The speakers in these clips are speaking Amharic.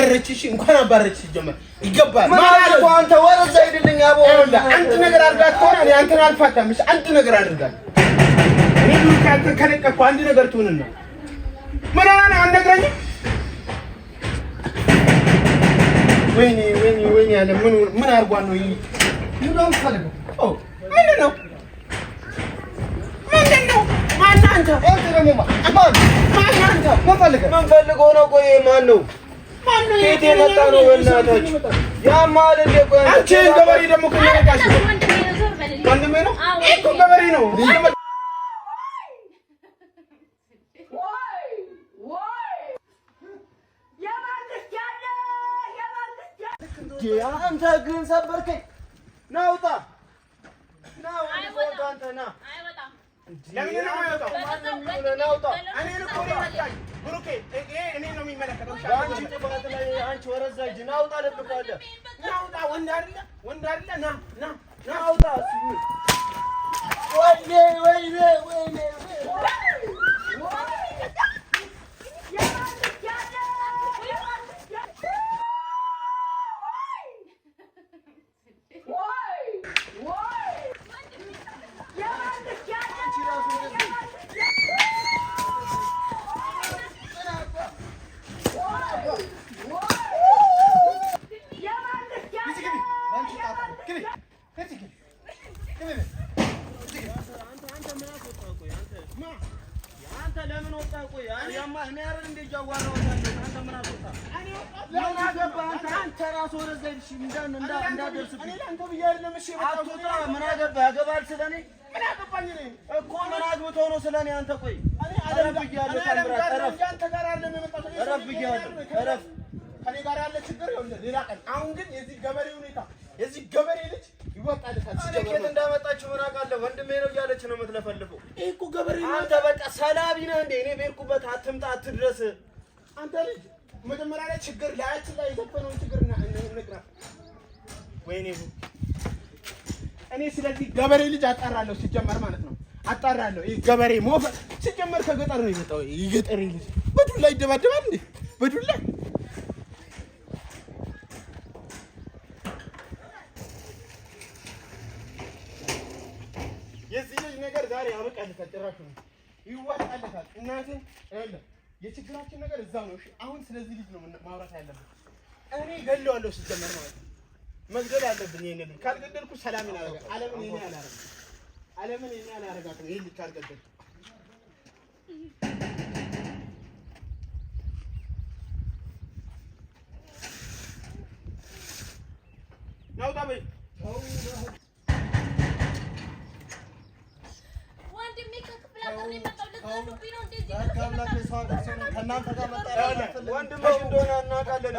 አባረችሽ። እንኳን አባረችሽ ጀመር ይገባል። ማለት አንተ ወረዛ አይደለኝ አቦ አንድ ነገር አድርጋት ከሆነ እኔ አንተን አልፋታም። እሺ አንድ ነገር አድርጋት። እኔ ዱካ አንተ ከለቀኩ አንድ ነገር ትሆንና ምን አላና አንነግረኝ። ወይኔ ወይኔ ወይኔ አለ ምን ምን አድርጓት ነው ይሄ ይሁን ታለቁ ኦ ምን ነው ምንድን ነው ማነህ አንተ? አንተ ደግሞ ማነህ አንተ? ምን ፈልገህ ምን ፈልገህ ነው? ቆይ ማነው ቤት የመጣ ነው። በእናታችሁ ያማል እንደ አንቺ ገበሬ ደግሞ ከነቃሽ ወንድሜ ነው እኮ ገበሬ ነው። አንተ ግን ሰበርከኝ። ና ውጣ፣ ና ውጣ፣ ና ውጣ። እኔን እኮ ነው የመጣኝ ብሩኬ አንቺ ጥፋት ወረዛ እጅ ና አውጣ፣ ለብቀዋለሁ ና አውጣ። ወንድ ወይኔ ወይኔ ወይኔ ራሱ ወደዛ ሄድሽ እንዳደርስብኝ አቶ ጥራ ምን አገባ ያገባል ስለኔ ምን አገባኝ እኮ ምን አግብቶ ነው ስለ እኔ አንተ ቆይ እረፍ ብያለሁ እረፍ ብያለሁ እረፍ ከኔ ጋር ያለ ችግር ይኸውልህ ሌላ ቀን አሁን ግን የዚህ ገበሬ ሁኔታ የዚህ ገበሬ ልጅ ይወጣልታል ኬት እንዳመጣችሁ ምን አውቃለሁ ወንድሜ ነው እያለች ነው የምትለፈልፈው ይሄ እኮ ገበሬ አንተ በቃ ሰላቢ ነህ እንዴ እኔ ቤርኩበት አትምጣ አትድረስ አንተ ልጅ መጀመሪያ ላይ ችግር ላያችን ወይኔ እኔ ስለዚህ ገበሬ ልጅ አጣራለሁ። ሲጀመር ማለት ነው አጣራለሁ። ይሄ ገበሬ ሞፈ ሲጀመር ከገጠር ነው የመጣው። ይሄ ገጠሬ ልጅ በዱላ ይደባደባል እንዴ? በዱላ የዚህ ልጅ ነገር ዛሬ ያበቃለታል። ጭራሹ ነው ይዋጣለታል። እናትን ያለ የችግራችን ነገር እዛ ነው። አሁን ስለዚህ ልጅ ነው ማውራት ያለበት። እኔ ገለዋለሁ ሲጀመር ማለት ነው መግደል አለብን። ይሄን ልጅ ካልገደልኩ ሰላም ይናረጋ ዓለምን ይሄን አላረጋት ዓለምን ይሄን አላረጋት ነው ይሄን ልጅ ካልገደልኩ ናውጣ በይ ወንድሜ እንደሆነ እናውቃለን።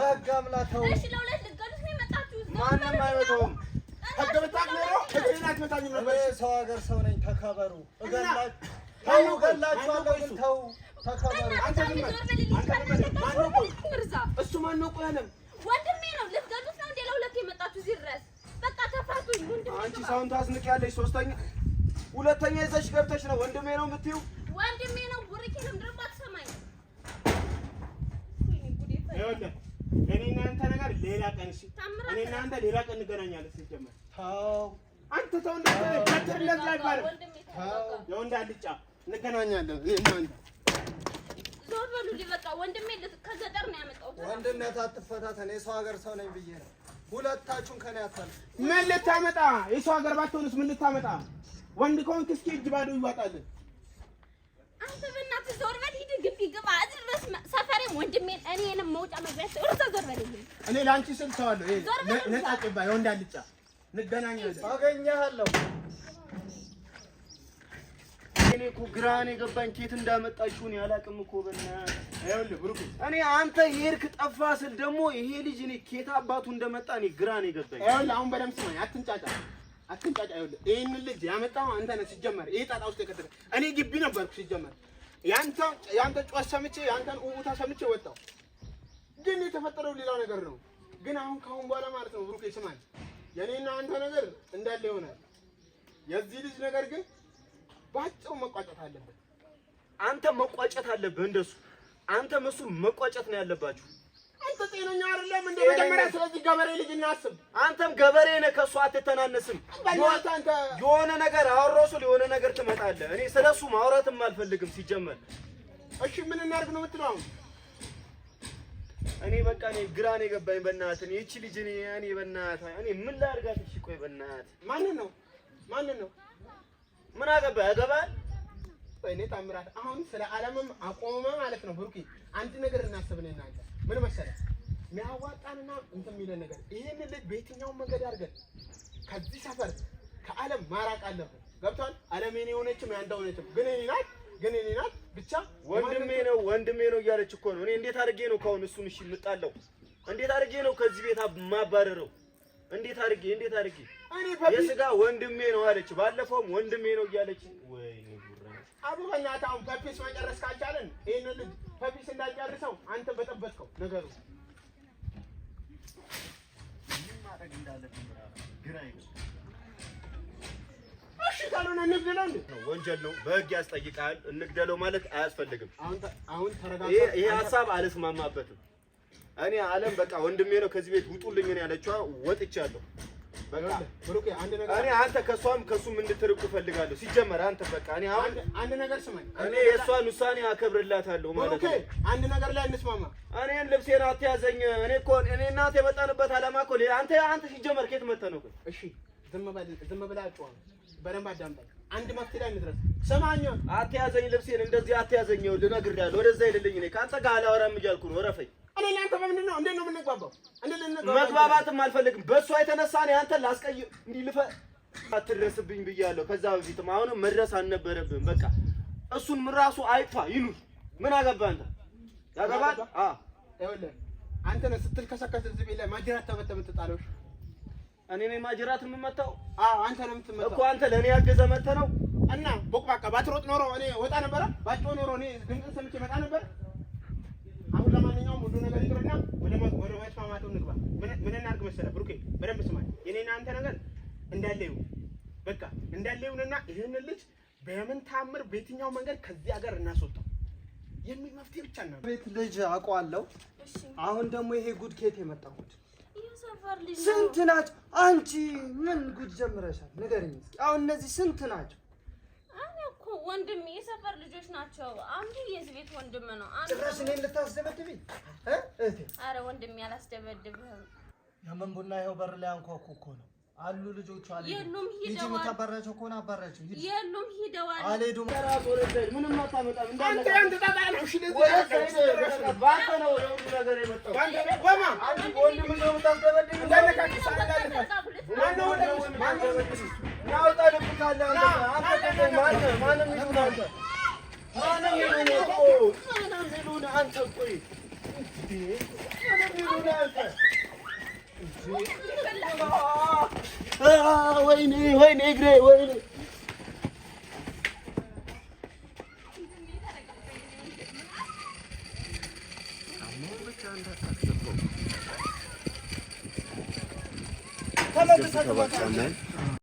ማንም አይመጣውም። ህግ ብታውቅ ኖሮ እጅህን አትመታኝም ነበር። ሰው ሀገር ሰው ነኝ። ተከበሩ። ተው እገላችኋለሁ። ተው ተከበሩ። አንተ ግመት እሱ ማነው? ቆያለም ወንድሜ ነው። ልትገዱት ነው እንዴ? ለሁለት የመጣችሁ እዚህ ድረስ በቃ ተፋቱኝ። አንቺ ሰውን ታስንቂያለሽ። ሶስተኛ ሁለተኛ ይዘሽ ገብተሽ ነው ወንድሜ ነው የምትይው። ወንድሜ ነው ቡርኪንም ድርባ ሌላ ቀን እሺ፣ እኔ እና አንተ ሌላ ቀን እንገናኛለን። ሲጀመር ተው አንተ ተው፣ እንደዛ አይባልም። ያው እንዳልጫ እንገናኛለን። ዞር በሉ ሊበቃ። ወንድሜ ከገጠር ነው ያመጣሁት። ወንድነት አትፈታተን። የሰው ሀገር ሰው ነኝ ብዬ ነው። ሁለታችሁን ከኔ አታልፍ። ምን ልታመጣ? የሰው ሀገር ባትሆንስ ምን ልታመጣ? ወንድ ከሆንክ እስኪ እጅ ባዶ ይዋጣልን ወንድሜን እኔንም መውጫ መግቢያ እርሰ ዞር በልልኝ። እኔ ለአንቺ ስል ተዋለሁ። ነጣ ጭባ የወንድ አልጫ እንገናኛለን። አገኛለሁ። እኔ እኮ ግራን የገባኝ ኬት እንዳመጣችሁ እኔ አላውቅም እኮ በእናትህ። ይኸውልህ ብሩክ፣ እኔ አንተ የሄድክ ጠፋ ስል ደግሞ ይሄ ልጅ እኔ ኬት አባቱ እንደመጣ እኔ ግራን የገባኝ። ይኸውልህ አሁን በደምብ ስማኝ፣ አትንጫጫ አትንጫጫ። ይኸውልህ ይህንን ልጅ ያመጣኸው አንተ ነህ ሲጀመር። ይሄ ጣጣ ውስጥ የከተተህ እኔ ግቢ ነበርኩ ሲጀመር ያንተ ጩኸት ሰምቼ ያንተን ውታ ሰምቼ ወጣሁ። ግን የተፈጠረው ሌላ ነገር ነው። ግን አሁን ከአሁን በኋላ ማለት ነው ብሩኬ ስማኝ፣ የኔና አንተ ነገር እንዳለ ይሆናል። የዚህ ልጅ ነገር ግን ባጭሩ መቋጨት አለበት። አንተ መቋጨት አለብህ እንደሱ። አንተ እሱ መቋጨት ነው ያለባችሁ። አንተ ጤነኛ አይደለም እንደ መጀመሪያ። ስለዚህ ገበሬ ልጅ እናስብ። አንተም ገበሬ ነህ፣ ከእሱ አትተናነስም። የሆነ ነገር አወሮሱ የሆነ ነገር ትመጣለህ። እኔ ስለሱ ማውራትም አልፈልግም ሲጀመር። እሺ ምን እናድርግ ነው የምትለው አሁን? እኔ በቃ እኔ ግራ ነው የገባኝ። በእናትህ እኔ ይቺ ልጅ እኔ እኔ በእናትህ እኔ ምን ላድርጋት? እሺ ቆይ በእናትህ ማንን ነው ማንን ነው ምን አገባህ? ያገባል ወይኔ ታምራት። አሁን ስለ ዓለምም አቆመ ማለት ነው። ብሩኬ አንድ ነገር እናስብ ነው እናንተ ምን መሰለህ የሚያዋጣንና እንትን የሚለን ነገር ይህንን ልጅ በየትኛውም መንገድ አድርገን ከዚህ ሰፈር ከዓለም ማራቅ አለብን። ገብቷል። ዓለም የኔ ሆነችም ያንተ ሆነችም ግን እኔ ናት ግን እኔ ናት ብቻ ወንድሜ ነው ወንድሜ ነው እያለች እኮ ነው። እኔ እንዴት አድርጌ ነው ካሁን እሱን እሺ የምጣለው? እንዴት አድርጌ ነው ከዚህ ቤት ማባረረው? እንዴት አድርጌ እንዴት አድርጌ እኔ የስጋ ወንድሜ ነው አለች። ባለፈውም ወንድሜ ነው እያለች ወይ አቡ በእናትህ አሁን በፒስ መጨረስ ካልቻለን ይህንን ልጅ በፒስ እንዳንጨርሰው አንተ በጠበጥከው ነገሩ ማድረግ እንዳለብን ግራ እሺ፣ ካልሆነ እንግደለው። ወንጀል ነው፣ በህግ ያስጠይቃል። እንግደለው ማለት አያስፈልግም። ይሄ ሀሳብ አልስማማበትም። እኔ አለም በቃ ወንድሜ ነው ከዚህ ቤት ውጡልኝ ያለችዋ ወጥቻለሁ። እኔ አንተ ከእሷም ከእሱም እንድትርቁ እፈልጋለሁ። ሲጀመር አንተ በቃ እኔ አሁን አንድ ነገር ስማኝ፣ እኔ የእሷን ውሳኔ አከብርላታለሁ ማለት ነው። አንድ ነገር ላይ እንስማማ። እኔን ልብሴን አትያዘኝ። እኔ እኮ እኔ እናንተ የመጣንበት ዓላማ እኮ አንተ አንተ ሲጀመር ከየት መጥተህ ነው? እሺ ዝም በል ዝም ብለህ አጫውተኝ፣ በደንብ አዳምጠኝ። አንድ መፍትሄ ላይ እንድረስ። ስማኝ፣ አትያዘኝ፣ ልብሴን እንደዚህ አትያዘኝ። ልነግርህ ያለው ወደዛ አይደለኝ። እኔ ከአንተ ጋር አላወራም እያልኩ ነው። እረፈኝ እኔ እናንተ በምንድን ነው እንዴት ነው የምንግባባው? መግባባትም አልፈልግም። በእሷ የተነሳ ነው አንተ ላስቀይ እንዲልፈ አትድረስብኝ ብያለሁ። ከዛ በፊትም አሁንም መድረስ አልነበረብህም። በቃ እሱን ምራሱ አይጥፋ ይኑር። ምን አገባህ አንተ? ያገባህ? አዎ ይኸውልህ፣ አንተ ነህ ስትልከሰከስ እዚህ ቤት ላይ ማጅራት ተመተህ የምትጣለው። እኔ ነኝ ማጅራት የምመታው? አዎ አንተ ነህ የምትመታው እኮ። አንተ ለእኔ ያገዘህ መተህ ነው። እና ቦቅባቃ ባትሮጥ ኖሮ እኔ ወጣ ነበረ። ባጭሆ ኖሮ እኔ ድምፅህን ሰምቼ መጣ ነበረ። ምን እናድርግ መሰለህ ብሩኬ፣ በደንብ ስማ። የኔና አንተ ነገር እንዳለ ይሁን በቃ እንዳለ ይሁንና ይህን ልጅ በምን ታምር በየትኛው መንገድ ከዚህ ሀገር እናስወጣው የሚል መፍትሄ ብቻ ነው። ቤት ልጅ አውቀዋለሁ። አሁን ደግሞ ይሄ ጉድ ኬት የመጣሁት ስንት ናቸው? አንቺ ምን ጉድ ጀምረሻል? ንገሪኝ እስኪ። አሁን እነዚህ ስንት ናቸው? እኔ ወንድሜ የሰፈር ልጆች ናቸው። አንዱ የዚህ ቤት ወንድም ነው። ጭራሽ እኔን ልታስደበድብኝ? ኧረ ወንድሜ አላስደበድብህም የምን ቡና ይኸው በር ላይ አንኳኩ እኮ ነው አሉ ልጆቹ የሉም። ሂደዋል። አባራቸው ከሆነ አባራቸው። የሉም። ሂደዋል። አልሄዱም። ምንም አታመጣም። ወይኔ ወይኔ እግሬ ወይኔ ተመልሰህ